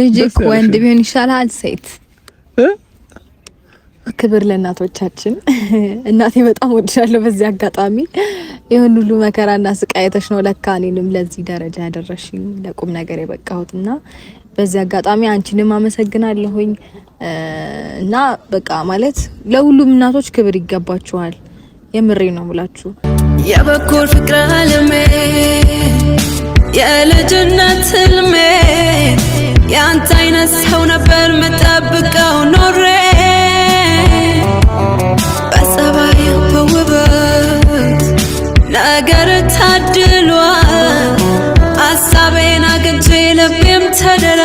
ልጅክ ወንድ ቢሆን ይሻላል ሴት ክብር ለእናቶቻችን። እናቴ በጣም ወድሻለሁ። በዚህ አጋጣሚ ይሁን ሁሉ መከራና ስቃየተሽ ነው ለካ እኔንም ለዚህ ደረጃ ያደረሽኝ ለቁም ነገር የበቃሁት እና በዚህ አጋጣሚ አንቺንም አመሰግናለሁኝ እና በቃ ማለት ለሁሉም እናቶች ክብር ይገባችኋል። የምሬ ነው ብላችሁ የበኩር ፍቅር አለሜ የልጅነት ህልሜ ያንተ አይነት ሰው ነበር ምጠብቀው ኖሬ በጸባይ በውበት ነገር ታድሏል ሀሳቤን አግኝቼ ልቤም ተደላ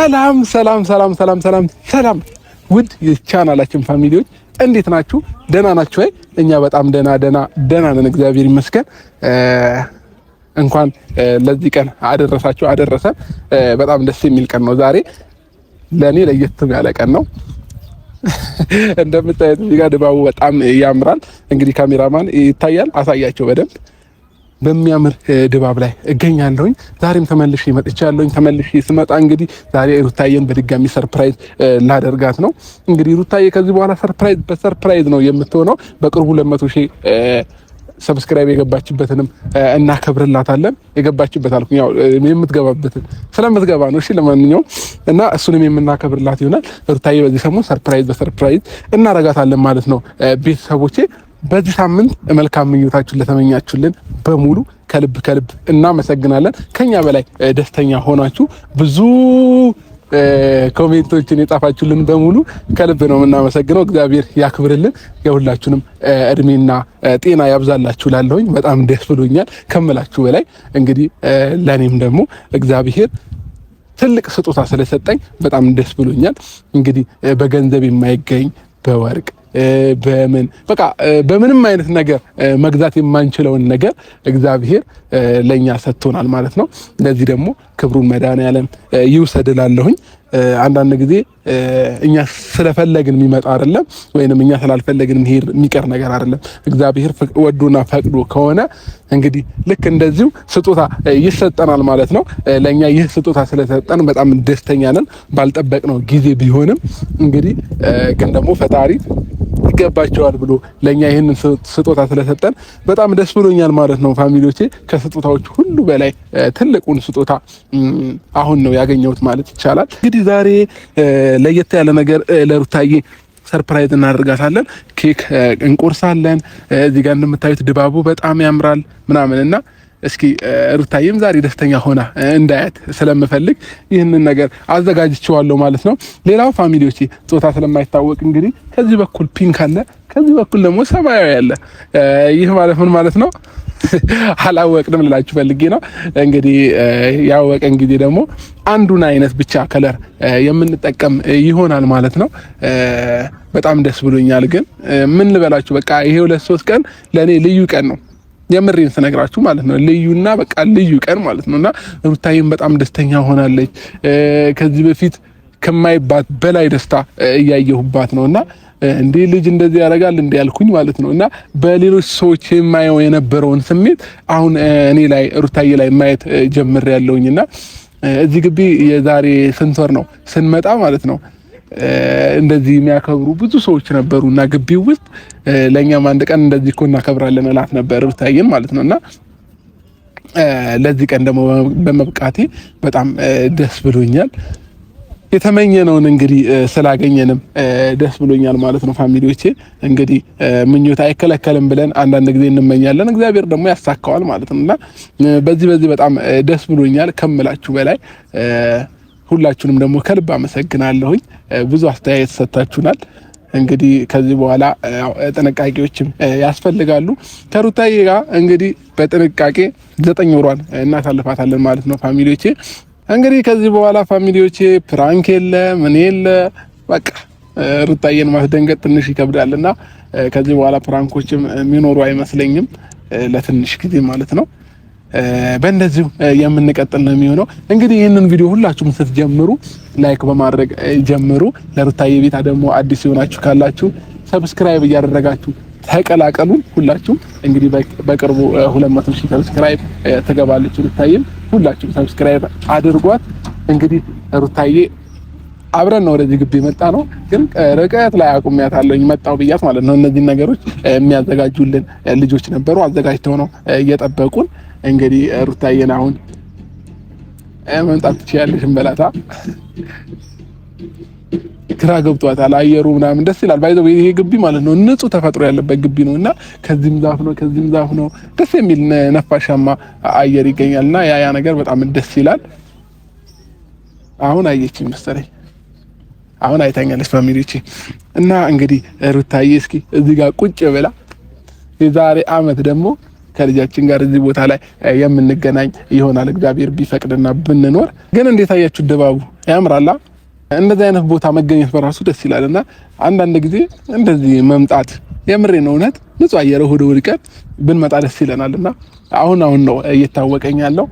ሰላም ሰላም ሰላም ሰላም ሰላም ሰላም ውድ የቻናላችን ፋሚሊዎች እንዴት ናችሁ? ደህና ናችሁ ወይ? እኛ በጣም ደህና ደህና ደህና ነን፣ እግዚአብሔር ይመስገን። እንኳን ለዚህ ቀን አደረሳችሁ አደረሰን። በጣም ደስ የሚል ቀን ነው ዛሬ። ለኔ ለየት ያለ ቀን ነው። እንደምታዩት እዚህ ጋር ድባቡ በጣም ያምራል። እንግዲህ ካሜራማን ይታያል፣ አሳያቸው በደንብ በሚያምር ድባብ ላይ እገኛለሁኝ። ዛሬም ተመልሼ መጥቻለሁኝ። ተመልሼ ስመጣ እንግዲህ ዛሬ ሩታዬን በድጋሚ ሰርፕራይዝ ላደርጋት ነው። እንግዲህ ሩታዬ ከዚህ በኋላ ሰርፕራይዝ በሰርፕራይዝ ነው የምትሆነው። በቅርቡ ለመቶ ሺህ ሰብስክራይብ የገባችበትንም እናከብርላታለን። የገባችበት አልኩ ያው የምትገባበትን ስለምትገባ ነው። እሺ ለማንኛውም እና እሱንም የምናከብርላት ይሆናል። ሩታዬ በዚህ ሰሞን ሰርፕራይዝ በሰርፕራይዝ እናረጋታለን ማለት ነው ቤተሰቦቼ በዚህ ሳምንት መልካም ምኞታችሁን ለተመኛችሁልን በሙሉ ከልብ ከልብ እናመሰግናለን። ከኛ በላይ ደስተኛ ሆናችሁ ብዙ ኮሜንቶችን የጻፋችሁልን በሙሉ ከልብ ነው የምናመሰግነው። እግዚአብሔር ያክብርልን፣ የሁላችሁንም እድሜና ጤና ያብዛላችሁ። ላለሁኝ በጣም ደስ ብሎኛል ከምላችሁ በላይ እንግዲህ ለእኔም ደግሞ እግዚአብሔር ትልቅ ስጦታ ስለሰጠኝ በጣም ደስ ብሎኛል። እንግዲህ በገንዘብ የማይገኝ በወርቅ በምን በቃ በምንም አይነት ነገር መግዛት የማንችለውን ነገር እግዚአብሔር ለእኛ ሰጥቶናል ማለት ነው። ለዚህ ደግሞ ክብሩን መድኃኔዓለም ይውሰድላለሁኝ። አንዳንድ ጊዜ እኛ ስለፈለግን የሚመጣ አይደለም፣ ወይንም እኛ ስላልፈለግን የሚሄድ የሚቀር ነገር አይደለም። እግዚአብሔር ወዶና ፈቅዶ ከሆነ እንግዲህ ልክ እንደዚሁ ስጦታ ይሰጠናል ማለት ነው። ለእኛ ይህ ስጦታ ስለሰጠን በጣም ደስተኛ ነን። ባልጠበቅነው ጊዜ ቢሆንም እንግዲህ ግን ደግሞ ፈጣሪ ይገባቸዋል ብሎ ለእኛ ይህንን ስጦታ ስለሰጠን በጣም ደስ ብሎኛል ማለት ነው። ፋሚሊዎቼ ከስጦታዎች ሁሉ በላይ ትልቁን ስጦታ አሁን ነው ያገኘሁት ማለት ይቻላል እንግዲህ ስለዚህ ዛሬ ለየት ያለ ነገር ለሩታዬ ሰርፕራይዝ እናደርጋታለን። ኬክ እንቆርሳለን። እዚህ ጋር እንደምታዩት ድባቡ በጣም ያምራል ምናምን እና እስኪ ሩታዬም ዛሬ ደስተኛ ሆና እንዳያት ስለምፈልግ ይህንን ነገር አዘጋጅቼዋለሁ ማለት ነው። ሌላው ፋሚሊዎች ጾታ ስለማይታወቅ እንግዲህ ከዚህ በኩል ፒንክ አለ፣ ከዚህ በኩል ደግሞ ሰማያዊ አለ። ይህ ማለት ምን ማለት ነው? አላወቅንም ልላችሁ ፈልጌ ነው። እንግዲህ ያወቀን ጊዜ ደግሞ አንዱን አይነት ብቻ ከለር የምንጠቀም ይሆናል ማለት ነው። በጣም ደስ ብሎኛል። ግን ምን ልበላችሁ በቃ ይሄ ሁለት ሶስት ቀን ለእኔ ልዩ ቀን ነው። የምሬን ስነግራችሁ ማለት ነው። ልዩና በቃ ልዩ ቀን ማለት ነውና ሩታዬም በጣም ደስተኛ ሆናለች። ከዚህ በፊት ከማይባት በላይ ደስታ እያየሁባት ነውና እንዴ ልጅ እንደዚህ ያደርጋል እንዴ ያልኩኝ ማለት ነው። እና በሌሎች ሰዎች የማየው የነበረውን ስሜት አሁን እኔ ላይ ሩታዬ ላይ ማየት ጀምር እና እዚህ ግቢ የዛሬ ስንት ወር ነው ስንመጣ ማለት ነው እንደዚህ የሚያከብሩ ብዙ ሰዎች ነበሩ እና ግቢው ውስጥ ለእኛም አንድ ቀን እንደዚህ እኮ እናከብራለን እላት ነበር ሩታዬን ማለት ነው እና ለዚህ ቀን ደግሞ በመብቃቴ በጣም ደስ ብሎኛል። የተመኘነውን እንግዲህ ስላገኘንም ደስ ብሎኛል ማለት ነው። ፋሚሊዎቼ እንግዲህ ምኞት አይከለከልም ብለን አንዳንድ ጊዜ እንመኛለን፣ እግዚአብሔር ደግሞ ያሳካዋል ማለት ነው እና በዚህ በዚህ በጣም ደስ ብሎኛል ከምላችሁ በላይ ሁላችሁንም ደግሞ ከልብ አመሰግናለሁኝ። ብዙ አስተያየት ሰጥታችሁናል። እንግዲህ ከዚህ በኋላ ጥንቃቄዎችም ያስፈልጋሉ። ከሩታዬ ጋር እንግዲህ በጥንቃቄ ዘጠኝ ወሯን እናሳልፋታለን ማለት ነው ፋሚሊዎቼ እንግዲህ ከዚህ በኋላ ፋሚሊዎቼ ፕራንክ የለ ምን የለ በቃ ሩታዬን ማስደንገጥ ትንሽ ይከብዳልና ከዚህ በኋላ ፕራንኮችም የሚኖሩ አይመስለኝም ለትንሽ ጊዜ ማለት ነው። በእንደዚሁ የምንቀጥል ነው የሚሆነው። እንግዲህ ይህንን ቪዲዮ ሁላችሁም ስትጀምሩ ላይክ በማድረግ ጀምሩ። ለሩታዬ ቤታ ደግሞ አዲስ የሆናችሁ ካላችሁ ሰብስክራይብ እያደረጋችሁ ተቀላቀሉን ሁላችሁም። እንግዲህ በቅርቡ 200 ሺህ ሰብስክራይብ ትገባለች። ሩታዬም ሁላችሁም ሰብስክራይብ አድርጓት። እንግዲህ ሩታዬ አብረን ነው ወደዚህ ግቢ የመጣ ነው፣ ግን ርቀት ላይ አቁሜያታለሁኝ መጣሁ ብያት ማለት ነው። እነዚህን ነገሮች የሚያዘጋጁልን ልጆች ነበሩ፣ አዘጋጅተው ነው እየጠበቁን። እንግዲህ ሩታዬን አሁን መምጣት ትችያለሽ እንበላታ ግራ ገብቷታል። አየሩ ምናምን ደስ ይላል። ባይዘው ይሄ ግቢ ማለት ነው ንጹህ ተፈጥሮ ያለበት ግቢ ነው እና ከዚህም ዛፍ ነው ከዚህም ዛፍ ነው ደስ የሚል ነፋሻማ አየር ይገኛል እና ያ ያ ነገር በጣም ደስ ይላል። አሁን አየች መሰለኝ አሁን አይታኛለች ፋሚሊዎቼ እና እንግዲህ ሩታዬ እስኪ እዚህ ጋር ቁጭ ብላ የዛሬ አመት ደግሞ ከልጃችን ጋር እዚህ ቦታ ላይ የምንገናኝ ይሆናል እግዚአብሔር ቢፈቅድና ብንኖር። ግን እንዴት አያችሁ? ድባቡ ያምራላ። እንደዚህ አይነት ቦታ መገኘት በራሱ ደስ ይላል እና አንዳንድ ጊዜ እንደዚህ መምጣት ነው እውነት ንጹህ አየር እሑድ እሑድ ቀን ብንመጣ ደስ ይለናል እና አሁን አሁን ነው እየታወቀኝ ያለው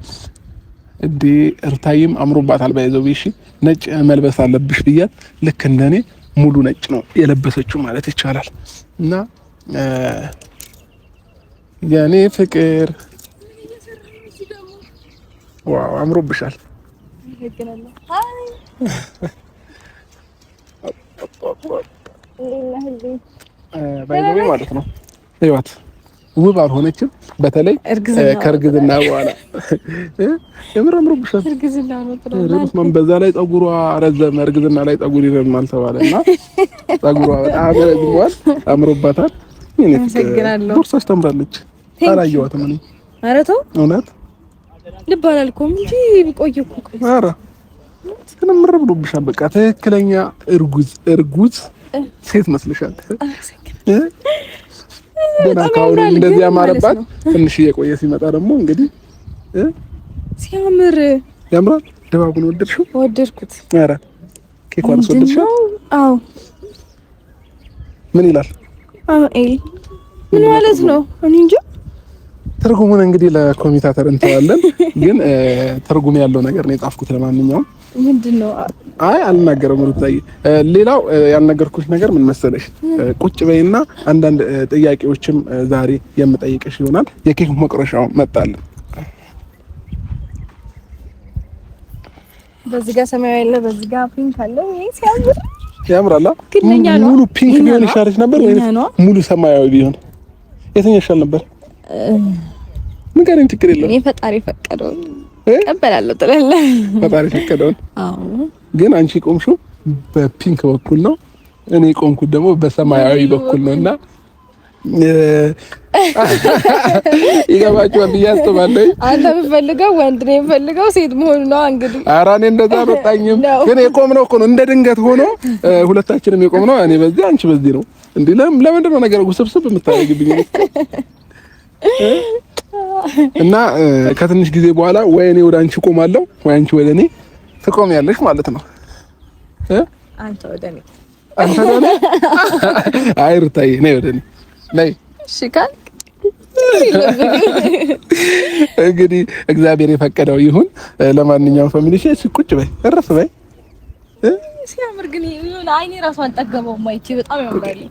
እዲ እርታይም አምሮባታል ባይዘው እሺ ነጭ መልበስ አለብሽ ብያት ልክ እንደኔ ሙሉ ነጭ ነው የለበሰችው ማለት ይቻላል እና የኔ ፍቅር ዋው አምሮብሻል ባይዘቤ ማለት ነው ህይወት ውብ አልሆነችም። በተለይ ከእርግዝና በኋላ የምር አምሮብሻል። በዛ ላይ ፀጉሯ ረዘመ። እርግዝና ላይ ፀጉር ይረዝማል ተባለ እና ፀጉሯ በጣም ረዝሟል፣ አምሮባታል። ቦርሳሽ ታምራለች። አላየኋትም እኔ ኧረ ተው እውነት ልብ አላልኩም እንጂ ቆየሁ እኮ ኧረ ትንምር ብሎብሻል። በቃ ትክክለኛ እርጉዝ እርጉዝ ሴት መስልሻል። ገና ካሁን እንደዚህ ያማረባት ትንሽ እየቆየ ሲመጣ ደግሞ እንግዲህ ሲያምር ያምራል። ድባቡን ወደድሽው? ወደድኩት። ኧረ ኬኳን ወደድሽው? አዎ። ምን ይላል? ምን ማለት ነው? እኔ እንጃ። ትርጉሙን እንግዲህ ለኮሚታተር እንተዋለን፣ ግን ትርጉም ያለው ነገር ነው የጻፍኩት። ለማንኛውም ምንድነው? አይ አልናገረም። ሩታዬ፣ ሌላው ያልነገርኩሽ ነገር ምን መሰለሽ፣ ቁጭ በይና አንዳንድ ጥያቄዎችም ዛሬ የምጠይቅሽ ይሆናል። የኬክ መቁረሻው መጣልን። በዚህ ጋር ሰማያዊ አለ፣ በዚህ ጋር ፒንክ አለ። ይሄ ሲያምር ያምራል። ሙሉ ፒንክ ቢሆን ይሻልሽ ነበር ወይስ ሙሉ ሰማያዊ ቢሆን የትኛው ይሻል ነበር? ንገሪኝ፣ ችግር የለም። እኔ ፈጣሪ ፈቀደው እቀበላለሁ ትላለህ። ፈጣሪ ፈቀደውን። ግን አንቺ ቆምሽው በፒንክ በኩል ነው፣ እኔ ቆምኩት ደግሞ በሰማያዊ በኩል ነው እና ይገባችኋል ብዬ አስባለሁ። አንተ የምፈልገው ወንድ ነው የምፈልገው ሴት መሆኑ ነው። እንግዲህ ኧረ እኔ እንደዛ አልወጣኝም፣ ግን የቆምነው እኮ ነው እንደ ድንገት ሆኖ ሁለታችንም የቆምነው እኔ በዚህ አንቺ በዚህ ነው። ለምንድን ነው ነገር ውስብስብ እና ከትንሽ ጊዜ በኋላ ወይ እኔ ወደ አንቺ ቆማለሁ ወይ አንቺ ወደ እኔ ትቆሚያለሽ ማለት ነው። አንተ ወደ እኔ አንተ ወደ እኔ አይ ሩታዬ ነይ ወደ እኔ ነይ። እሺ ካልክ እንግዲህ እግዚአብሔር የፈቀደው ይሁን። ለማንኛውም ፋሚሊ ሼር ቁጭ በይ እረፍ በይ። ሲያምር ግን ይሁን አይኔ ራሱ አልጠገበውም። ማይቺ በጣም ያምራል።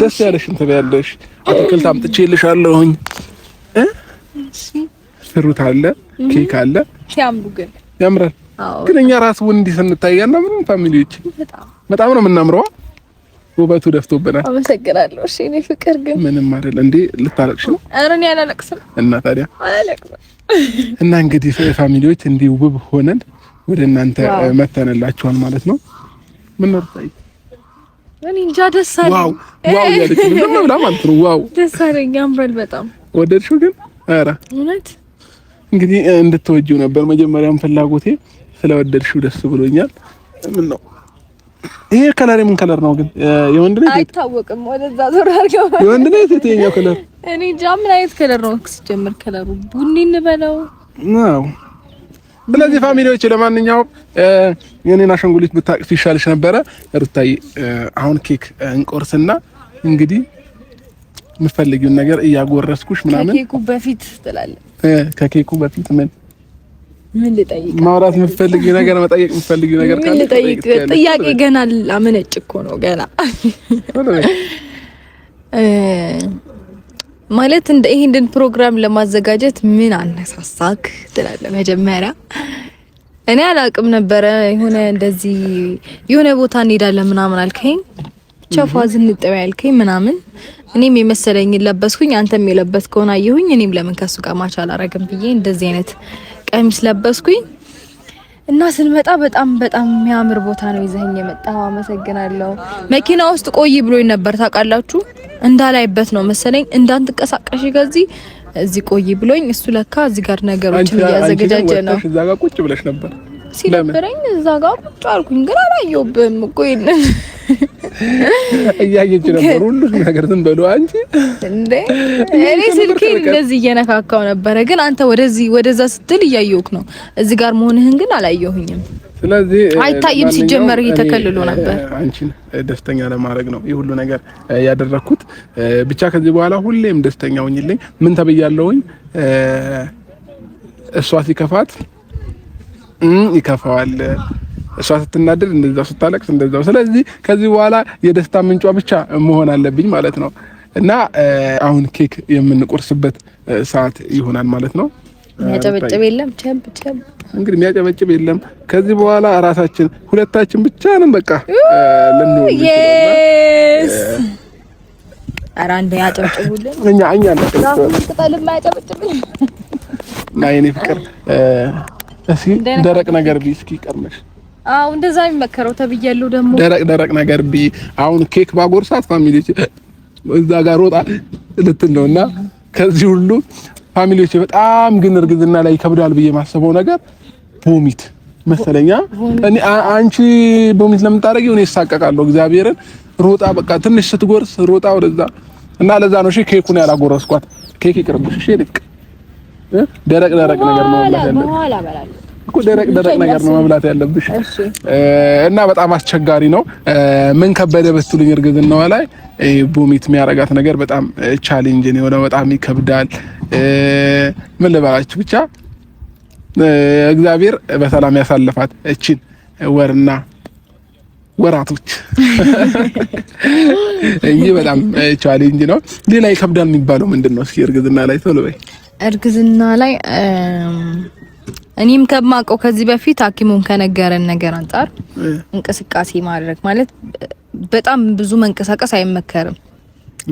ደስ ያለሽ እንትን ያለሽ አትክልት አምጥቼልሻለሁኝ። ፍሩት አለ፣ ኬክ አለ። ሲያምሩ ግን ያምራል። ግን እኛ ራስ ወንድ ስንታያና ምንም ፋሚሊዎች በጣም ነው የምናምረው። ውበቱ ደፍቶብናል። አመሰግናለሁ። እሺ እኔ ፍቅር ግን ምንም አይደል እንዴ። ልታለቅሽ ነው? ኧረ እኔ አላለቅስም። እና ታዲያ አላለቅስም። እና እንግዲህ ፋሚሊዎች እንዲህ ውብ ሆነን ወደ እናንተ መተንላችኋል ማለት ነው። ምን ነው ታይ እኔ እንጃ ደስ አለኝ። ዋው ዋው ያለች ነው በጣም ነው። ዋው ደስ አለኝ። አምበል በጣም ወደድሽው ግን? ኧረ እውነት እንግዲህ እንድትወጂው ነበር መጀመሪያም ፍላጎቴ። ስለወደድሽው ደስ ብሎኛል። ምን ነው ይሄ ከለር የምን ከለር ነው ግን? የወንድ ነው አይታወቅም። ወደዛ ዞር አድርገው የወንድ ነው የትኛው ከለር? እኔ እንጃ ምን አይነት ከለር ነው? ሲጀምር ከለሩ ቡኒ እንበለው ነው ስለዚህ ፋሚሊዎች፣ ለማንኛውም የኔን አሻንጉሊት ብታቅፍ ይሻልሽ ነበረ። ሩታዬ አሁን ኬክ እንቆርስና እንግዲህ የምፈልጊውን ነገር እያጎረስኩሽ ምናምን ከኬኩ በፊት ትላለህ። ከኬኩ በፊት ምን ምን ልጠይቅ፣ ማውራት የምትፈልጊው ነገር መጠየቅ የምትፈልጊው ነገር ካለ ልጠይቅ። ጥያቄ ገና ላመነጭ እኮ ነው ገና ማለት እንደ ይህንን ፕሮግራም ለማዘጋጀት ምን አነሳሳክ ትላለህ? መጀመሪያ እኔ አላቅም ነበረ። የሆነ እንደዚህ የሆነ ቦታ እንሄዳለን ምናምን አልከኝ፣ ብቻ ፏዝ እንጠባ ያልከኝ ምናምን፣ እኔም የመሰለኝ ለበስኩኝ፣ አንተም የለበስከውን አየሁኝ። እኔም ለምን ከሱ ጋር ማች አላረግም ብዬ እንደዚህ አይነት ቀሚስ ለበስኩኝ እና ስንመጣ በጣም በጣም የሚያምር ቦታ ነው ይዘኸኝ የመጣኸው። አመሰግናለሁ። መኪና ውስጥ ቆይ ብሎኝ ነበር ታውቃላችሁ እንዳላይበት ነው መሰለኝ። እንዳንትንቀሳቀሽ ከዚህ እዚህ ቆይ ብሎኝ እሱ ለካ እዚህ ጋር ነገሮችን እያዘገጃጀ ነው። እዛ ጋር ቁጭ ብለሽ ነበር ሲደብረኝ እዛ ጋር ቁጭ አልኩኝ። ግን አላየሁብህም እኮ የለም እያየች ነበር። ሁሉ ነገር ዝም ብሎ አንቺ እንዴ። እኔ ስልኬን እንደዚህ እየነካካው ነበረ፣ ግን አንተ ወደዚህ ወደዛ ስትል እያየሁክ ነው። እዚህ ጋር መሆንህን ግን አላየሁኝም። ስለዚህ አይታይም። ሲጀመር እየተከልሎ ነበር። አንቺን ደስተኛ ለማድረግ ነው ይህ ሁሉ ነገር ያደረኩት። ብቻ ከዚህ በኋላ ሁሌም ደስተኛ ሁኝልኝ። ምን ተብያለሁኝ? እሷ ሲከፋት ይከፋዋል። እሷ ስትናደድ እንደዛው፣ ስታለቅስ እንደዛው። ስለዚህ ከዚህ በኋላ የደስታ ምንጯ ብቻ መሆን አለብኝ ማለት ነው እና አሁን ኬክ የምንቆርስበት ሰዓት ይሆናል ማለት ነው። የሚያጨበጭብ የለም ቸብ ቸብ እንግዲህ የሚያጨበጭብ የለም። ከዚህ በኋላ ራሳችን ሁለታችን ብቻ ነን። በቃ ለምን ይስ ኧረ ያጨብጭቡልን። እኛ እኛ ነን ቅጠልማ ያጨበጭብልን እና የኔ ፍቅር እስኪ ደረቅ ነገር ብይ እስኪ ቀርመሽ። አው እንደዛ የሚመከረው ተብያለሁ። ደግሞ ደረቅ ደረቅ ነገር ቢ አሁን ኬክ ባጎርሳት ፋሚሊዎች እዛ ጋር ሮጣ ልትል ነው እና ከዚህ ሁሉ ፋሚሊዎች በጣም ግን እርግዝና ላይ ይከብዳል ብዬ ማሰበው ነገር ቦሚት መሰለኛ እኔ አንቺ ቦሚት ለምታደርጊው እኔ እሳቀቃለሁ። እግዚአብሔርን ሮጣ በቃ ትንሽ ስትጎርስ ሮጣ ወደዛ እና ለዛ ነው እሺ ኬኩን ያላጎረስኳት። ኬክ ይቅርብሽ እሺ ልቅ ደረቅ ደረቅ ነገር ነው ማለት ነው። እኮ ደረቅ ደረቅ ነገር ነው መብላት ያለብሽ እና በጣም አስቸጋሪ ነው። ምን ከበደ ብትሉኝ እርግዝናዋ ላይ ቦሚት የሚያረጋት ነገር በጣም ቻሌንጅ ነው የሆነ በጣም ይከብዳል። ምን ልበላችሁ ብቻ እግዚአብሔር በሰላም ያሳልፋት እቺን ወርና ወራቶች ይህ በጣም ቻሌንጅ ነው። ሌላ ይከብዳል የሚባለው ምንድን ነው? እስኪ እርግዝና ላይ ቶሎ በይ እርግዝና ላይ እኔም ከማውቀው ከዚህ በፊት ሐኪሙን ከነገረን ነገር አንጻር እንቅስቃሴ ማድረግ ማለት በጣም ብዙ መንቀሳቀስ አይመከርም።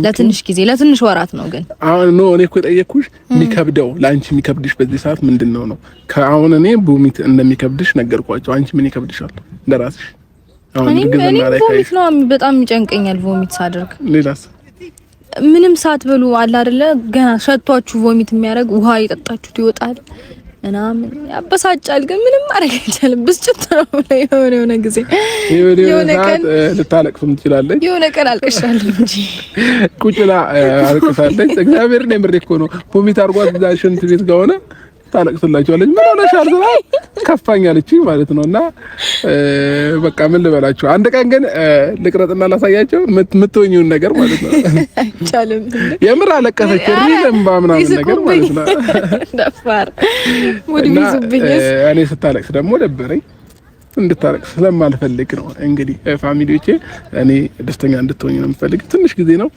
ለትንሽ ጊዜ ለትንሽ ወራት ነው። ግን አሁን ኖ እኔ እኮ ጠየቅኩሽ፣ የሚከብደው ለአንቺ የሚከብድሽ በዚህ ሰዓት ምንድን ነው ነው? አሁን እኔ ቡሚት እንደሚከብድሽ ነገርኳቸው። አንቺ ምን ይከብድሻል ለራስሽ? አሁን ቮሚት ነው በጣም ይጨንቀኛል ቡሚት ሳደርግ ሌላስ ምንም ሳትበሉ አለ አይደለ ገና ሸቷችሁ ቮሚት የሚያደርግ ውሃ የጠጣችሁት ይወጣል ምናምን ያበሳጫል። ግን ምንም ማድረግ አይቻልም። ብስጭት ነው ላይ የሆነ የሆነ ጊዜ የሆነ ቀን ልታለቅስም ትችላለች። የሆነ ቀን አልቀሻለሁ እንጂ ቁጭላ ብላ አልቅሳለች። እግዚአብሔር ነው የምሬ እኮ ነው። ቮሚት አድርጓት እዛ ሽንት ቤት ጋር ታለቅስላችኋለች። ምን ሆነሻል ስራ ከፋኛለች ማለት ነው። እና በቃ ምን ልበላችሁ፣ አንድ ቀን ግን ልቅረጥና ላሳያቸው የምትሆኝውን ነገር ማለት ነው። አይቻልም። የምር አለቀሰች ሪልምባ ምናምን ነገር ማለት ነው። ደፋር እኔ ስታለቅስ ደግሞ ደበረኝ። እንድታለቅስ ስለማልፈልግ ነው እንግዲህ ፋሚሊዎቼ፣ እኔ ደስተኛ እንድትሆኝ ነው የምፈልግ። ትንሽ ጊዜ ነው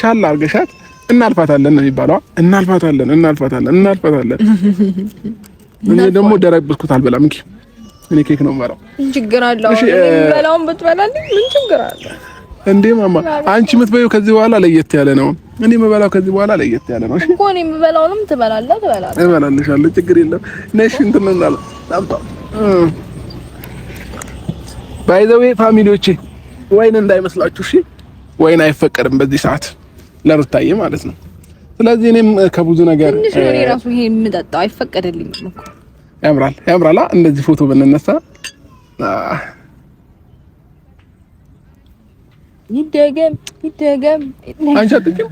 ቻላ አርገሻት እናልፋታለን ነው የሚባለው። እናልፋታለን እናልፋታለን እናልፋታለን። እኔ ደግሞ ደረቅ ብስኩት አልበላም እንጂ እኔ ኬክ ነው የምበላው። ምን ችግር አለው? በላውን ብትበላልኝ ምን ችግር አለ እንዴ? ማማ አንቺ የምትበይው ከዚህ በኋላ ለየት ያለ ነው። እኔ የምበላው ከዚህ በኋላ ለየት ያለ ነው። እሺ እኮ እኔ የምበላውንም ትበላለህ፣ ትበላለህ፣ እበላልሻለሁ። ችግር የለም። ነሽ እንትን እንዳለ ታምጣ ባይ ዘ ዌይ ፋሚሊዎቼ ወይን እንዳይመስላችሁ እሺ። ወይን አይፈቀድም በዚህ ሰዓት ለሩታዬ ማለት ነው። ስለዚህ እኔም ከብዙ ነገር ትንሽ ወሬ ራሱ ይሄ የምጠጣው አይፈቀደልኝም እኮ ያምራል፣ ያምራላ እንደዚህ ፎቶ ብንነሳ ይደገም ይደገም። አንቺ አትጠጪም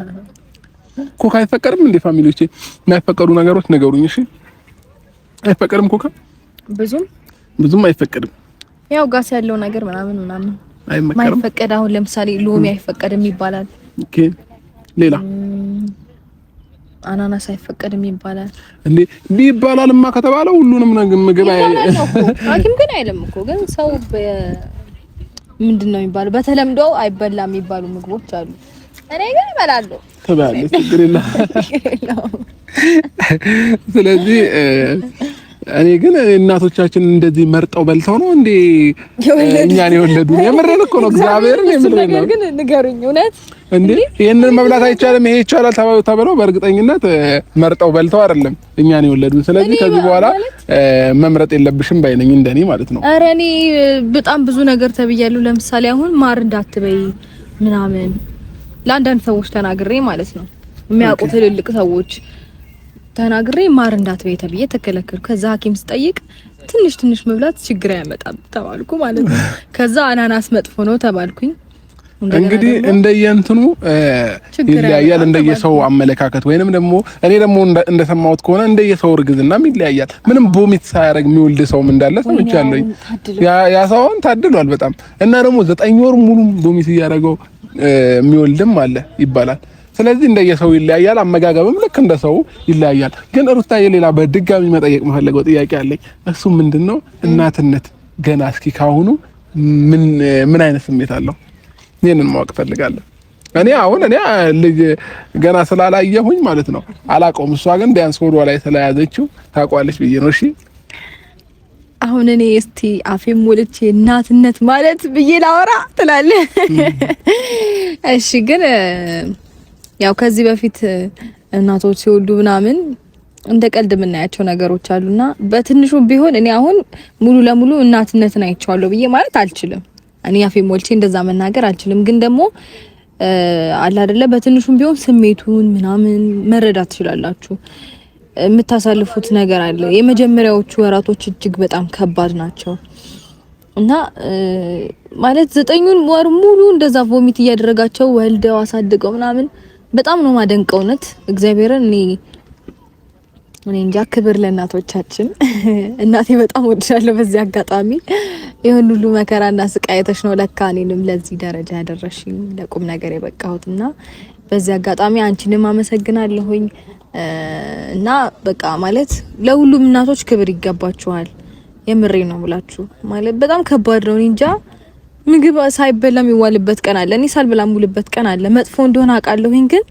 ኮካ አይፈቀድም እንዴ? ፋሚሊዎቼ የማይፈቀዱ ነገሮች ነገሩኝ። እሺ አይፈቀድም ኮካ ብዙም ብዙም አይፈቀድም። ያው ጋስ ያለው ነገር ምናምን ምናምን አይመከርም። አሁን ለምሳሌ ሎሚ አይፈቀድም ይባላል። ኦኬ ሌላ አናናስ አይፈቀድም ይባላል እንዴ? እንዲህ ይባላልማ ከተባለ ሁሉንም ነገር ምግብ ሐኪም ግን አይልም እኮ ግን ሰው ምንድን ነው የሚባለው? በተለምዶ አይበላም የሚባሉ ምግቦች አሉ። እኔ ግን ይበላሉ ትበላለች፣ ችግር የለውም። ስለዚህ እኔ ግን እናቶቻችን እንደዚህ መርጠው በልተው ነው እንዴ እኛን የወለዱን? የምሬን እኮ ነው እግዚአብሔርን የምሬን ነው። ግን ንገሩኝ፣ እውነት እንዴ ይሄንን መብላት አይቻልም፣ ይሄ ይቻላል ተብለው በእርግጠኝነት መርጠው በልተው አይደለም እኛን የወለዱን። ስለዚህ ከዚህ በኋላ መምረጥ የለብሽም ባይነኝ እንደኔ ማለት ነው። አረ እኔ በጣም ብዙ ነገር ተብያለሁ። ለምሳሌ አሁን ማር እንዳትበይ ምናምን ለአንዳንድ ሰዎች ተናግሬ ማለት ነው የሚያውቁ ትልልቅ ሰዎች ተናግሬ ማር እንዳትበይ ተብዬ ተከለከሉ ከዛ ሐኪም ስጠይቅ ትንሽ ትንሽ መብላት ችግር አያመጣም ተባልኩ ማለት ነው። ከዛ አናናስ መጥፎ ነው ተባልኩኝ። እንግዲህ እንደየንትኑ ይለያያል፣ እንደየሰው አመለካከት ወይንም ደግሞ እኔ ደግሞ እንደሰማሁት ከሆነ እንደየሰው እርግዝናም ይለያያል። ምንም ቦሚት ሳያደርግ የሚወልድ ሰውም እንዳለ ሰምቻለሁ። ያ ሰውን ታድሏል በጣም እና ደግሞ ዘጠኝ ወር ሙሉ ቦሚት እያደረገው የሚወልድም አለ ይባላል። ስለዚህ እንደየሰው ይለያያል። አመጋገብም ልክ እንደ ሰው ይለያያል። ግን ሩታዬ ሌላ በድጋሚ መጠየቅ መፈለገው ጥያቄ አለኝ። እሱ ምንድን ነው እናትነት ገና እስኪ ካሁኑ ምን ምን አይነት ስሜት አለው? ይህንን ማወቅ ፈልጋለሁ። እኔ አሁን እኔ ልጅ ገና ስላላየሁኝ ማለት ነው አላውቀውም። እሷ ግን ቢያንስ ሆዷ ላይ ስለያዘችው ታውቋለች ብዬ ነው። እሺ አሁን እኔ እስቲ አፌም ሞልቼ እናትነት ማለት ብዬ ላወራ ትላለህ። እሺ ግን ያው ከዚህ በፊት እናቶች ሲወልዱ ምናምን እንደ ቀልድ የምናያቸው ነገሮች አሉና በትንሹ ቢሆን እኔ አሁን ሙሉ ለሙሉ እናትነትን አይቼዋለሁ ብዬ ማለት አልችልም። እኔ አፌ ሞልቼ እንደዛ መናገር አልችልም። ግን ደግሞ አለ አይደለ በትንሹም ቢሆን ስሜቱን ምናምን መረዳት ትችላላችሁ። የምታሳልፉት ነገር አለ። የመጀመሪያዎቹ ወራቶች እጅግ በጣም ከባድ ናቸው እና ማለት ዘጠኙን ወር ሙሉ እንደዛ ቮሚት እያደረጋቸው ወልደው አሳድገው ምናምን በጣም ነው ማደንቀው። እውነት እግዚአብሔርን እኔ እኔ እንጃ። ክብር ለእናቶቻችን። እናቴ በጣም ወድሻለሁ። በዚህ አጋጣሚ ይሁን ሁሉ መከራና ስቃይ ነው ለካ እኔንም ለዚህ ደረጃ ያደረሽኝ ለቁም ነገር የበቃሁት እና በዚህ አጋጣሚ አንቺንም አመሰግናለሁኝ እና በቃ ማለት ለሁሉም እናቶች ክብር ይገባችኋል። የምሬ ነው ብላችሁ ማለት በጣም ከባድ ነው። እኔ እንጃ ምግብ ሳይበላም ይዋልበት ቀን አለ። እኔ ሳልበላ ውልበት ቀን አለ። መጥፎ እንደሆነ አውቃለሁኝ፣ ግን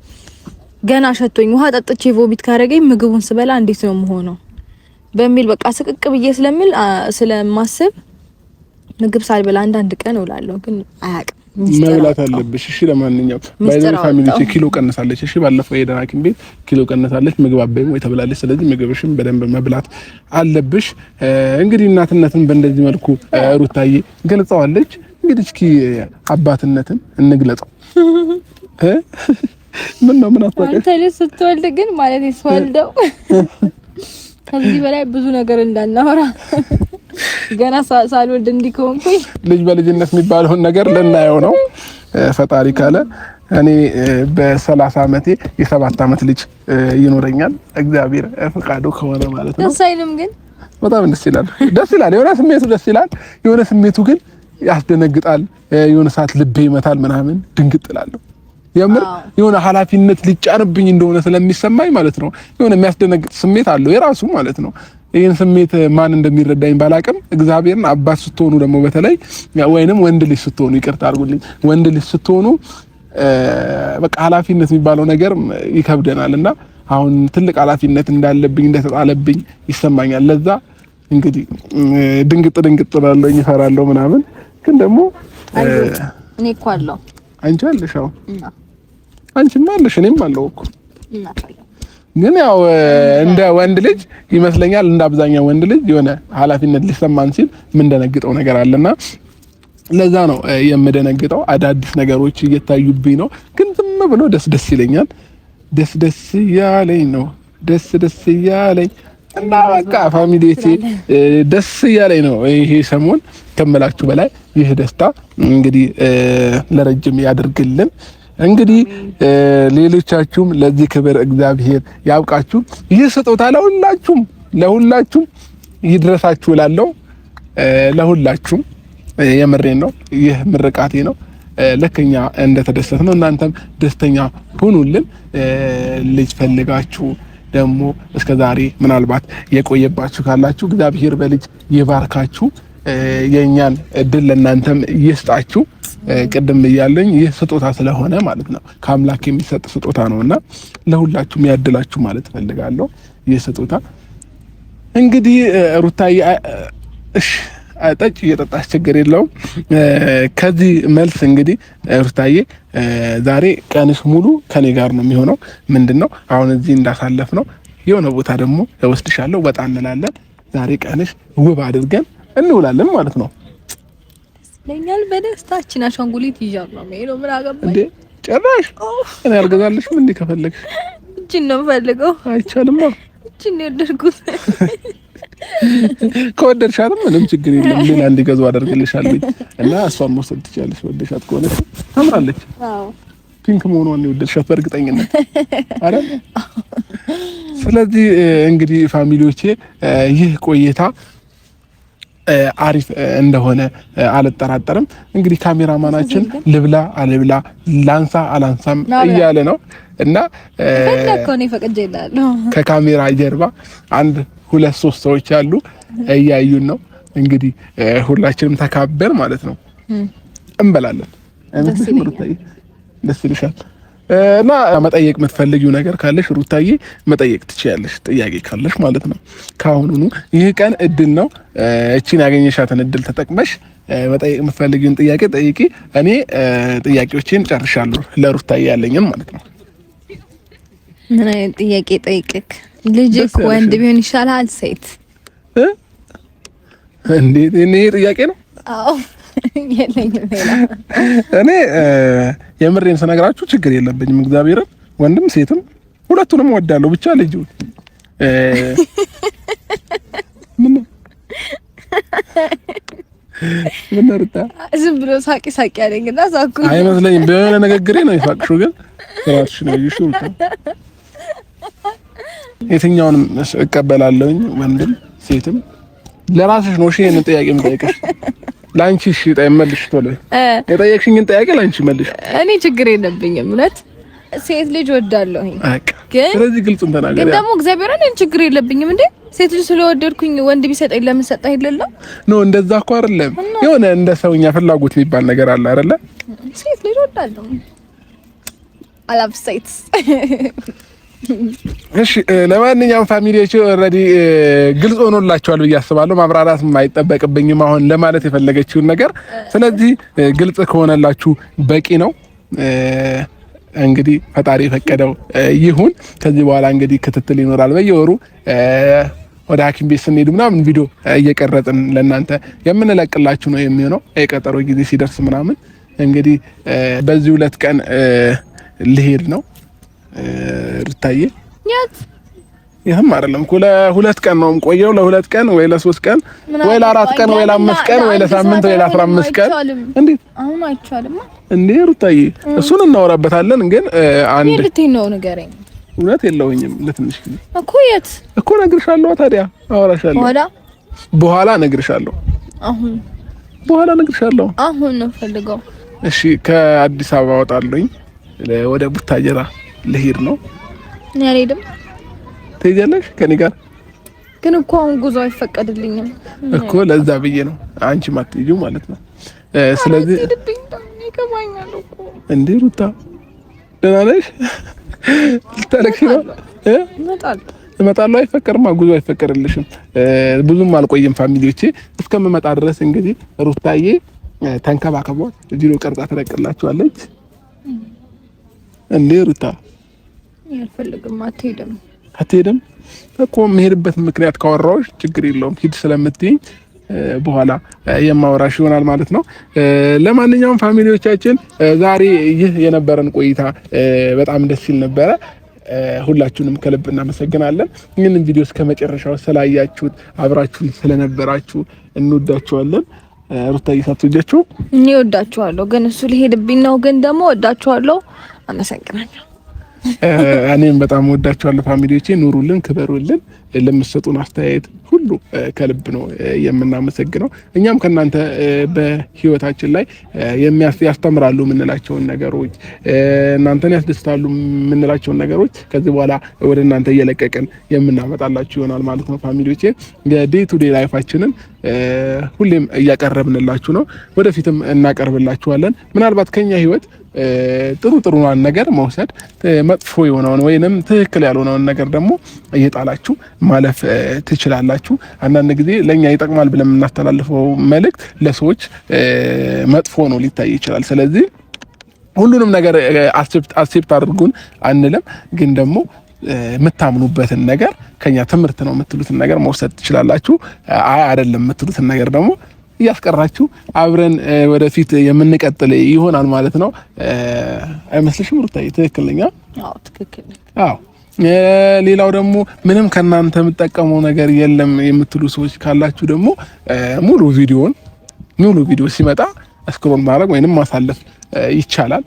ገና ሸቶኝ ውሃ ጠጥቼ ቮሚት ካረገኝ ምግቡን ስበላ እንዴት ነው የምሆነው በሚል በቃ ስቅቅ ብዬ ስለምል ስለማስብ ምግብ ሳልበላ አንዳንድ ቀን እውላለሁ፣ ግን አያውቅም። መብላት አለብሽ። እሺ ለማንኛውም ባይዘን ፋሚሊ ኪሎ ቀንሳለች። እሺ ባለፈው የሄደን ሐኪም ቤት ኪሎ ቀንሳለች። ምግብ አበይም ወይ ተብላለች። ስለዚህ ምግብሽም በደንብ መብላት አለብሽ። እንግዲህ እናትነትን በእንደዚህ መልኩ ሩታዬ ገልጸዋለች። እንግዲህ እስኪ አባትነትን እንግለጸው። ምን ነው ምን አታውቅም አንተ ልጅ ስትወልድ ግን ማለት ስወልደው ከዚህ በላይ ብዙ ነገር እንዳናወራ ገና ሳልወልድ እንዲህ ከሆንኩኝ ልጅ በልጅነት የሚባለውን ነገር ልናየው ነው። ፈጣሪ ካለ እኔ በሰላሳ ዓመቴ የሰባት አመት ልጅ ይኖረኛል እግዚአብሔር ፍቃዱ ከሆነ ማለት ነው። ደስ አይልም ግን? በጣም ደስ ይላል። ደስ ይላል የሆነ ስሜቱ ደስ ይላል የሆነ ስሜቱ ግን ያስደነግጣል። የሆነ ሰዓት ልቤ ይመታል ምናምን ድንግጥ እላለሁ። የምር የሆነ ኃላፊነት ሊጫንብኝ እንደሆነ ስለሚሰማኝ ማለት ነው። የሆነ የሚያስደነግጥ ስሜት አለው የራሱ ማለት ነው። ይህን ስሜት ማን እንደሚረዳኝ ባላቅም እግዚአብሔርን አባት ስትሆኑ ደግሞ በተለይ ወይንም ወንድ ልጅ ስትሆኑ ይቅርታ አድርጉልኝ፣ ወንድ ልጅ ስትሆኑ በቃ ኃላፊነት የሚባለው ነገር ይከብደናል እና አሁን ትልቅ ኃላፊነት እንዳለብኝ እንደተጣለብኝ ይሰማኛል። ለዛ እንግዲህ ድንግጥ ድንግጥ እላለሁ፣ ይፈራለሁ ምናምን ግን ደግሞ እኔ እኮ አለው አንቺ አለሽ። አዎ አንቺማ አለሽ፣ እኔም አለው እኮ ግን ያው እንደ ወንድ ልጅ ይመስለኛል እንደ አብዛኛው ወንድ ልጅ የሆነ ኃላፊነት ሊሰማን ሲል የምንደነግጠው ነገር አለና ለዛ ነው የምደነግጠው። አዳዲስ ነገሮች እየታዩብኝ ነው፣ ግን ዝም ብሎ ደስ ደስ ይለኛል። ደስ ደስ እያለኝ ነው፣ ደስ ደስ እያለኝ እና በቃ ፋሚሊቲ ደስ እያለኝ ነው ይሄ ሰሞን ከምላችሁ በላይ ይህ ደስታ እንግዲህ ለረጅም ያድርግልን። እንግዲህ ሌሎቻችሁም ለዚህ ክብር እግዚአብሔር ያብቃችሁ። ይህ ስጦታ ለሁላችሁም ለሁላችሁም ይድረሳችሁ እላለሁ። ለሁላችሁም የምሬን ነው። ይህ ምርቃቴ ነው። ልክኛ እንደተደሰት ነው። እናንተም ደስተኛ ሁኑልን። ልጅ ፈልጋችሁ ደግሞ እስከ ዛሬ ምናልባት የቆየባችሁ ካላችሁ እግዚአብሔር በልጅ ይባርካችሁ፣ የእኛን እድል ለእናንተም ይስጣችሁ። ቅድም እያለኝ ይህ ስጦታ ስለሆነ ማለት ነው ከአምላክ የሚሰጥ ስጦታ ነው እና ለሁላችሁም ያድላችሁ ማለት እፈልጋለሁ። ይህ ስጦታ እንግዲህ ሩታዬ እሺ ጠጭ እየጠጣ ችግር የለውም። ከዚህ መልስ እንግዲህ ሩታዬ ዛሬ ቀንሽ ሙሉ ከኔ ጋር ነው የሚሆነው። ምንድን ነው አሁን እዚህ እንዳሳለፍ ነው የሆነ ቦታ ደግሞ ወስድሻለሁ፣ ወጣ እንላለን። ዛሬ ቀንሽ ውብ አድርገን እንውላለን ማለት ነው። ለኛል በደስታችን አሻንጉሊት ይዣለሁ ነው ምን አገባኝ እንዴ? ጭራሽ እኔ አልገዛልሽም እንዴ? ከፈለግሽ እችን ነው የምፈልገው። አይቻልማ እችን ነው የወደድኩት ከወደድሻት ምንም ችግር የለም። ሌላ እንዲገዙ አደርግልሻለሁ እና እሷን መውሰድ ትችያለሽ። ወደድሻት ከሆነ ታምራለች። ፒንክ መሆኗን ነው የወደድሻት በእርግጠኝነት አይደል? ስለዚህ እንግዲህ ፋሚሊዎቼ ይህ ቆይታ አሪፍ እንደሆነ አልጠራጠርም። እንግዲህ ካሜራማናችን ልብላ አልብላ ላንሳ አላንሳም እያለ ነው እና ከካሜራ ጀርባ አንድ ሁለት ሶስት ሰዎች አሉ እያዩን ነው። እንግዲህ ሁላችንም ተካበር ማለት ነው እንበላለን። ደስ ይልሻል? እና መጠየቅ የምትፈልጊው ነገር ካለሽ ሩታዬ መጠየቅ ትችያለሽ፣ ጥያቄ ካለሽ ማለት ነው። ከአሁኑኑ ይህ ቀን እድል ነው። እቺን ያገኘሻትን እድል ተጠቅመሽ መጠየቅ የምትፈልጊውን ጥያቄ ጠይቂ። እኔ ጥያቄዎችን ጨርሻለሁ፣ ለሩታዬ ያለኝን ማለት ነው። ምን አይነት ጥያቄ ጠይቅክ? ልጅክ ወንድ ቢሆን ይሻላል ሴት? እንዴት? እኔ ጥያቄ ነው? አዎ እኔ የምሬን ስነግራችሁ ችግር የለብኝም። እግዚአብሔርን ወንድም ሴትም ሁለቱንም እወዳለሁ። ብቻ ልጅ ምን ምን ሩጣ ዝም ብሎ ሳቂ ሳቂ ያለኝ እና ሳቁ አይመስለኝም። በሆነ ንግግሬ ነው የሳቅሽው፣ ግን ራስሽ ነው ይሹል የትኛውንም እቀበላለሁኝ ወንድም ሴትም። ለራስሽ ነው እሺ፣ ይሄንን ጥያቄ የምጠይቅሽ ላንቺ እሺ፣ ጣይም መልሽ ቶሎ። የጠየቅሽኝን ጥያቄ ላንቺ መልሽ። እኔ ችግር የለብኝም እውነት ሴት ልጅ ወዳለሁኝ። ግን ስለዚህ ግልጽ እንተናገር። ግን ደግሞ እግዚአብሔር እኔ ችግር የለብኝም እንዴ ሴት ልጅ ስለወደድኩኝ ወንድ ቢሰጠኝ ለምን ሰጠ አይደለም ነው። እንደዛ እኮ አይደለም። የሆነ እንደ ሰውኛ ፍላጎት የሚባል ነገር አለ አይደለ? ሴት ልጅ ወዳለሁ። አላፍ ሴትስ እሺ ለማንኛውም ፋሚሊዎች ኦልሬዲ ግልጽ ሆኖላችኋል ብዬ አስባለሁ። ማብራራት አይጠበቅብኝም አሁን ለማለት የፈለገችውን ነገር። ስለዚህ ግልጽ ከሆነላችሁ በቂ ነው። እንግዲህ ፈጣሪ የፈቀደው ይሁን። ከዚህ በኋላ እንግዲህ ክትትል ይኖራል። በየወሩ ወደ ሐኪም ቤት ስንሄድ ምናምን ቪዲዮ እየቀረጥን ለእናንተ የምንለቅላችሁ ነው የሚሆነው የቀጠሮ ጊዜ ሲደርስ ምናምን። እንግዲህ በዚህ ሁለት ቀን ልሄድ ነው ሩታዬ ይህም አይደለም እኮ ለሁለት ቀን ነው የምቆየው። ለሁለት ቀን ወይ ለሶስት ቀን ወይ ለአራት ቀን ወይ ለአምስት ቀን ወይ ለሳምንት ወይ ለአስራ አምስት ቀን እንዴት አሁን አይቻልም እንዴ ሩታዬ? እሱን እናወራበታለን። ግን አንድ ልትይ ነው ንገረኝ። እውነት የለውኝም ለትንሽ ጊዜ እኮ የት እኮ እነግርሻለሁ። ታዲያ አወራሻለሁ። በኋላ በኋላ እነግርሻለሁ። አሁን በኋላ እነግርሻለሁ። አሁን ነው ፈልገው። እሺ ከአዲስ አበባ ወጣለኝ ወደ ቡታጀራ ልሄድ ነው። እኔ አልሄድም። ትሄጃለሽ ከኔ ጋር ግን እኮ አሁን ጉዞ አይፈቀድልኝም እኮ ለዛ ብዬ ነው። አንቺ ማትሄጂው ማለት ነው። ስለዚህ እንዴ ሩታ ደህና ነሽ? ልታለቅሽ ነው? እመጣለሁ። አይፈቀድማ፣ ጉዞ አይፈቀድልሽም። ብዙም አልቆይም ፋሚሊዎቼ። እስከምመጣ ድረስ እንግዲህ ሩታዬ ተንከባከቧት። ቪዲዮ ቀርጻ ትለቅላችኋለች። እንዴ ሩታ አትሄድም እኮ የምሄድበት ምክንያት ካወራዎች ችግር የለውም ሂድ ስለምትይኝ በኋላ የማወራሽ ይሆናል ማለት ነው። ለማንኛውም ፋሚሊዎቻችን ዛሬ ይህ የነበረን ቆይታ በጣም ደስ ሲል ነበረ። ሁላችሁንም ከልብ እናመሰግናለን። ይህንን ቪዲዮ እስከ መጨረሻው ስላያችሁት አብራችሁ ስለነበራችሁ እንወዳችኋለን። ሩታ ወጃችሁ እኔ ወዳችኋለሁ፣ ግን እሱ ሊሄድብኝ ነው። ግን ደግሞ ወዳችኋለሁ። አመሰግናለሁ። እኔም በጣም ወዳችኋለሁ። ፋሚሊዎቼ ኑሩልን፣ ክበሩልን። ለምትሰጡን አስተያየት ሁሉ ከልብ ነው የምናመሰግነው። እኛም ከእናንተ በህይወታችን ላይ ያስተምራሉ የምንላቸውን ነገሮች፣ እናንተን ያስደስታሉ የምንላቸውን ነገሮች ከዚህ በኋላ ወደ እናንተ እየለቀቅን የምናመጣላችሁ ይሆናል ማለት ነው። ፋሚሊዎቼ የዴይ ቱ ዴይ ላይፋችንን ሁሌም እያቀረብንላችሁ ነው። ወደፊትም እናቀርብላችኋለን። ምናልባት ከኛ ህይወት ጥሩ ጥሩ ነገር መውሰድ፣ መጥፎ የሆነውን ወይንም ትክክል ያልሆነውን ነገር ደግሞ እየጣላችሁ ማለፍ ትችላላችሁ። አንዳንድ ጊዜ ለእኛ ይጠቅማል ብለን የምናስተላልፈው መልእክት ለሰዎች መጥፎ ነው ሊታይ ይችላል። ስለዚህ ሁሉንም ነገር አሴፕት አድርጉን አንልም፣ ግን ደግሞ የምታምኑበትን ነገር ከኛ ትምህርት ነው የምትሉትን ነገር መውሰድ ትችላላችሁ። አይ አይደለም የምትሉትን ነገር ደግሞ እያስቀራችሁ አብረን ወደፊት የምንቀጥል ይሆናል ማለት ነው። አይመስልሽም ሩታዬ? ትክክለኛ። አዎ፣ ትክክል። አዎ። ሌላው ደግሞ ምንም ከናንተ የምጠቀመው ነገር የለም የምትሉ ሰዎች ካላችሁ ደግሞ ሙሉ ቪዲዮን ሙሉ ቪዲዮ ሲመጣ እስክሮል ማድረግ ወይንም ማሳለፍ ይቻላል።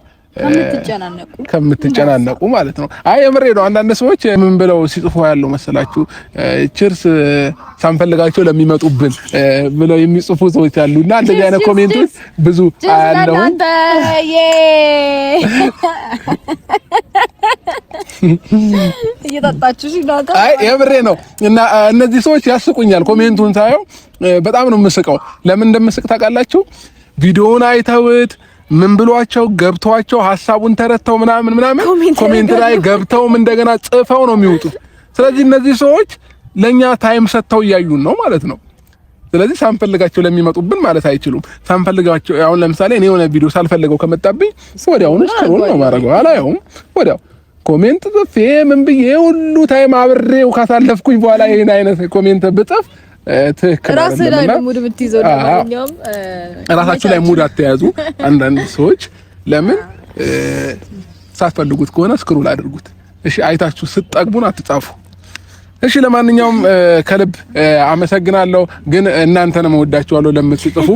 ከምትጨናነቁ ማለት ነው። አይ የምሬ ነው። አንዳንድ ሰዎች ምን ብለው ሲጽፉ ያለው መሰላችሁ ችርስ ሳንፈልጋቸው ለሚመጡብን ብለው የሚጽፉ ሰዎች አሉ እና እንደዚህ አይነት ኮሜንቶች ብዙ አያለሁ። አይ የምሬ ነው። እና እነዚህ ሰዎች ያስቁኛል። ኮሜንቱን ሳየው በጣም ነው የምስቀው። ለምን እንደምስቅ ታውቃላችሁ? ቪዲዮውን አይተውት ምን ብሏቸው ገብተዋቸው ሀሳቡን ተረተው ምናምን ምናምን ኮሜንት ላይ ገብተውም እንደገና ጽፈው ነው የሚወጡት። ስለዚህ እነዚህ ሰዎች ለኛ ታይም ሰጥተው እያዩን ነው ማለት ነው። ስለዚህ ሳንፈልጋቸው ለሚመጡብን ማለት አይችሉም። ሳንፈልጋቸው አሁን ለምሳሌ እኔ የሆነ ቪዲዮ ሳልፈልገው ከመጣብኝ ወዲያውኑ ስክሮል ነው ማድረገው፣ አላየውም። ወዲያው ኮሜንት ጽፌ ምን ብዬ ሁሉ ታይም አብሬው ካሳለፍኩኝ በኋላ ይሄን አይነት ኮሜንት ብጽፍ ትክክል ራሳችሁ ላይ ሙድ አትያዙ። አንዳንድ ሰዎች ለምን ሳትፈልጉት ከሆነ ስክሮል አድርጉት። እሺ አይታችሁ ስትጠግቡን አትጻፉ። እሺ ለማንኛውም ከልብ አመሰግናለሁ። ግን እናንተንም እወዳችኋለሁ ለምትጽፉ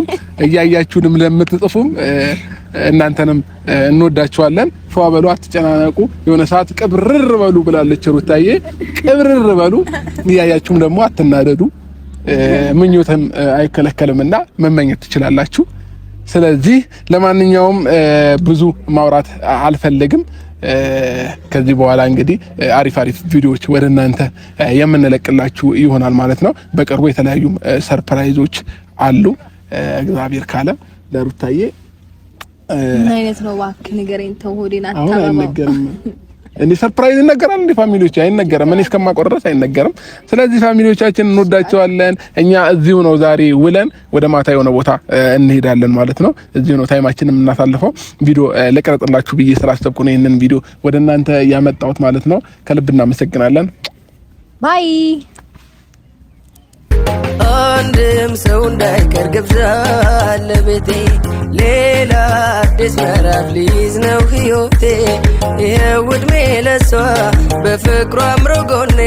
እያያችሁንም ለምትጽፉም እናንተንም እንወዳችኋለን። ሸዋ በሉ፣ አትጨናነቁ። የሆነ ሰዓት ቅብርር በሉ ብላለች ሩታዬ። ቅብርር በሉ። እያያችሁም ደግሞ አትናደዱ። አይከለከልም እና መመኘት ትችላላችሁ። ስለዚህ ለማንኛውም ብዙ ማውራት አልፈልግም ከዚህ በኋላ እንግዲህ አሪፍ አሪፍ ቪዲዮዎች ወደ እናንተ የምንለቅላችሁ ይሆናል ማለት ነው። በቅርቡ የተለያዩ ሰርፕራይዞች አሉ። እግዚአብሔር ካለ ለሩታዬ ምን አይነት ነው? እባክህ ንገረኝ። ተው ሆዴን እንዴ ሰርፕራይዝ ይነገራል እንዴ? ፋሚሊዎች አይነገርም። እኔ እስከማቆረስ አይነገርም። ስለዚህ ፋሚሊዎቻችን እንወዳቸዋለን። እኛ እዚሁ ነው ዛሬ ውለን ወደ ማታ የሆነ ቦታ እንሄዳለን ማለት ነው። እዚሁ ነው ታይማችን የምናሳልፈው። ቪዲዮ ልቀረጽላችሁ ብዬ ስላሰብኩ ነው ይህንን ቪዲዮ ወደ እናንተ ያመጣሁት ማለት ነው። ከልብ እናመሰግናለን። ባይ አንድም ሰው እንዳይቀር ገብዣ ለቤቴ ሌላ አዲስ ምዕራፍ ሊይዝ ነው ሕይወቴ ይኸው ዕድሜ ለሷ በፍቅሯ አምሮ ጎኔ